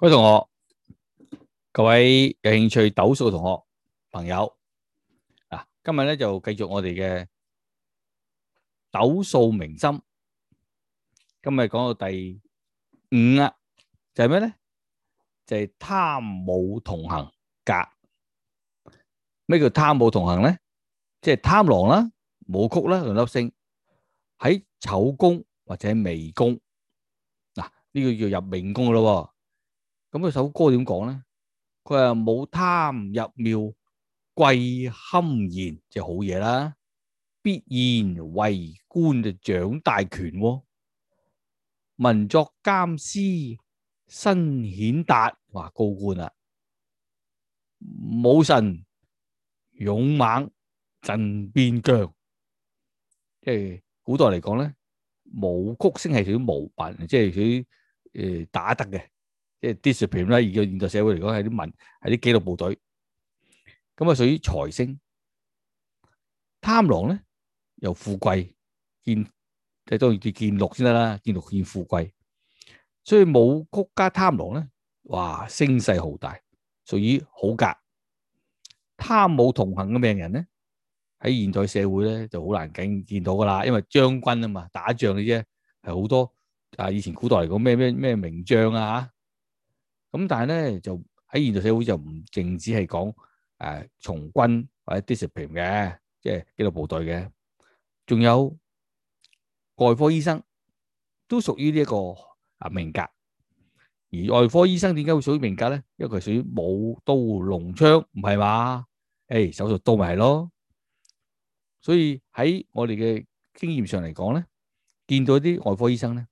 各位同學，各位有興趣嘅斗數嘅同學朋友啊，今日咧就繼續我哋嘅斗數明心。今日講到第五啦，就係咩咧？就係貪武同行格。咩叫貪武同行咧？即係貪狼啦，武曲啦，兩粒星喺丑宮或者未宮。嗱，呢個叫入命宮咯。咁佢首歌點講咧？佢話武貪入廟，貴堪言，就好嘢啦。必然為官就掌大權。文作監司，身顯達，話高官啦。武臣勇猛，鎮邊疆。即係古代嚟講咧，武曲星係屬於武品，即係佢誒打得嘅。即係 discipline 啦，而家現代社會嚟講，係啲民係啲紀律部隊，咁啊屬於財星貪狼咧，又富貴見，即係當然要見祿先得啦，見祿見富貴，所以武曲加貪狼咧，哇，聲勢浩大，屬於好格，貪武同行嘅命人咧，喺現代社會咧就好難見見到噶啦，因為將軍啊嘛，打仗嘅啫，係好多啊以前古代嚟講咩咩咩名將啊。咁但係咧就喺現代社會就唔淨止係講誒從軍或者 discipline 嘅，即係紀律部隊嘅，仲有外科醫生都屬於呢一個啊命格。而外科醫生點解會屬於命格咧？因為佢屬於舞刀弄槍，唔係嘛？誒，手術刀咪係咯。所以喺我哋嘅經驗上嚟講咧，見到啲外科醫生咧，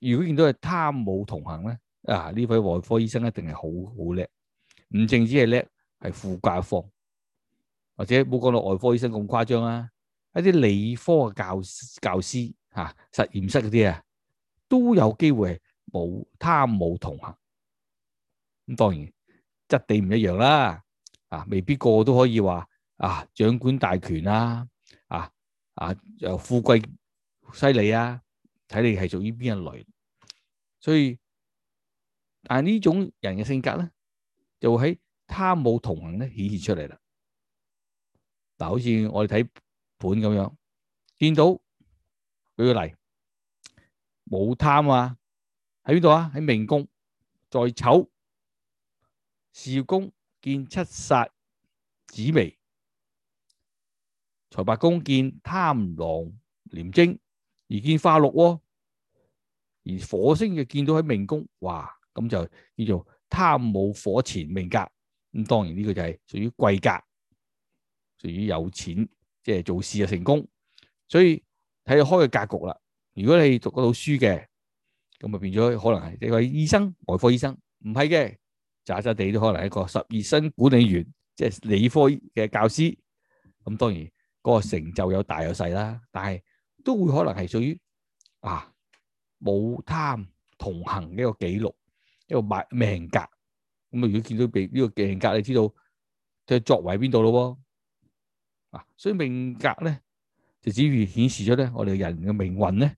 如果見到係貪武同行咧。啊！呢位外科醫生一定係好好叻，唔淨止係叻，係富甲一方，或者冇講到外科醫生咁誇張啦。一啲理科嘅教教師吓、啊，實驗室嗰啲啊，都有機會係冇貪武同行。咁當然質地唔一樣啦。啊，未必個個都可以話啊掌管大權啦、啊。啊啊又富貴犀利啊，睇你係屬於邊一類，所以。但係呢種人嘅性格咧，就喺貪武同行咧顯示出嚟啦。嗱，好似我哋睇盤咁樣，見到舉個例，武貪啊，喺邊度啊？喺命宮在丑，事業宮見七殺紫微，財帛宮見貪狼廉貞，而見化祿，而火星又見到喺命宮，哇！咁就叫做貪武火前命格，咁當然呢個就係屬於貴格，屬於有錢，即係做事就成功，所以睇開嘅格局啦。如果你讀嗰套書嘅，咁啊變咗可能係你個醫生、外科醫生唔係嘅，渣渣地都可能係一個十二生管理員，即係理科嘅教師。咁當然嗰個成就有大有細啦，但係都會可能係屬於啊武貪同行呢個記錄。呢個命格咁啊！如果見到呢個命格，你就知道佢作為邊度咯？啊，所以命格咧，就只於顯示咗咧，我哋人嘅命運咧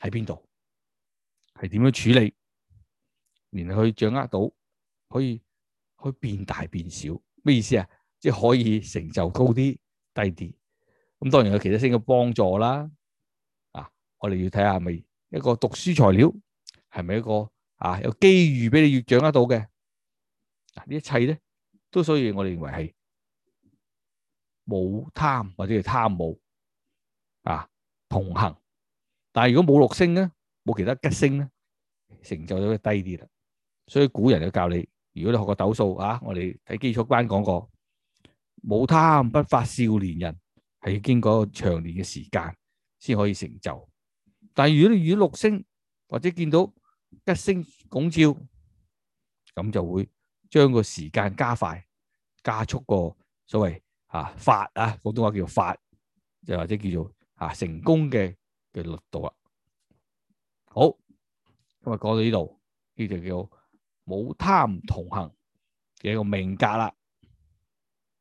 喺邊度，係點樣處理，然後去掌握到，可以可以變大變小，咩意思啊？即係可以成就高啲、低啲。咁當然有其他星嘅幫助啦。啊，我哋要睇下咪一個讀書材料係咪一個？啊，有機遇俾你越掌握到嘅，嗱呢一切咧，都所以我哋認為係武貪或者貪武啊同行。但係如果冇六星咧，冇其他吉星咧，成就就會低啲啦。所以古人就教你，如果你學過斗數啊，我哋喺基礎班講過，武貪不發少年人，係要經過長年嘅時間先可以成就。但係如果你遇六星或者見到，吉星拱照，咁就會將個時間加快，加速個所謂吓發啊，廣東話叫發，就或者叫做吓成功嘅嘅速度啦。好，今日講到呢度，呢就叫武貪同行嘅一個命格啦。